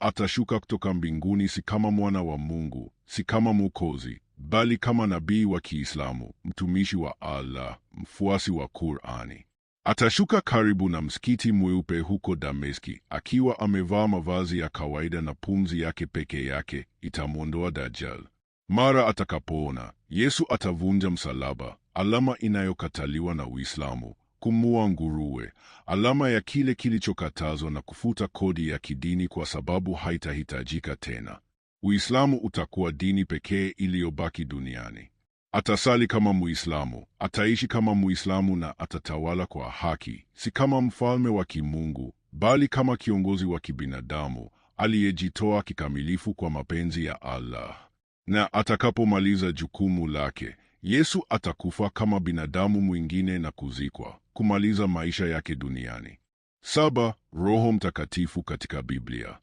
atashuka kutoka mbinguni, si kama mwana wa Mungu, si kama mwokozi, bali kama nabii wa Kiislamu, mtumishi wa Allah, mfuasi wa Qur'ani. Atashuka karibu na msikiti mweupe huko Dameski, akiwa amevaa mavazi ya kawaida, na pumzi yake peke yake itamwondoa Dajjal. Mara atakapoona Yesu atavunja msalaba, alama inayokataliwa na Uislamu, kumua nguruwe, alama ya kile kilichokatazwa na kufuta kodi ya kidini kwa sababu haitahitajika tena. Uislamu utakuwa dini pekee iliyobaki duniani. Atasali kama Muislamu, ataishi kama Muislamu na atatawala kwa haki, si kama mfalme wa kimungu, bali kama kiongozi wa kibinadamu aliyejitoa kikamilifu kwa mapenzi ya Allah. Na atakapomaliza jukumu lake Yesu atakufa kama binadamu mwingine na kuzikwa, kumaliza maisha yake duniani. Saba, Roho Mtakatifu katika Biblia.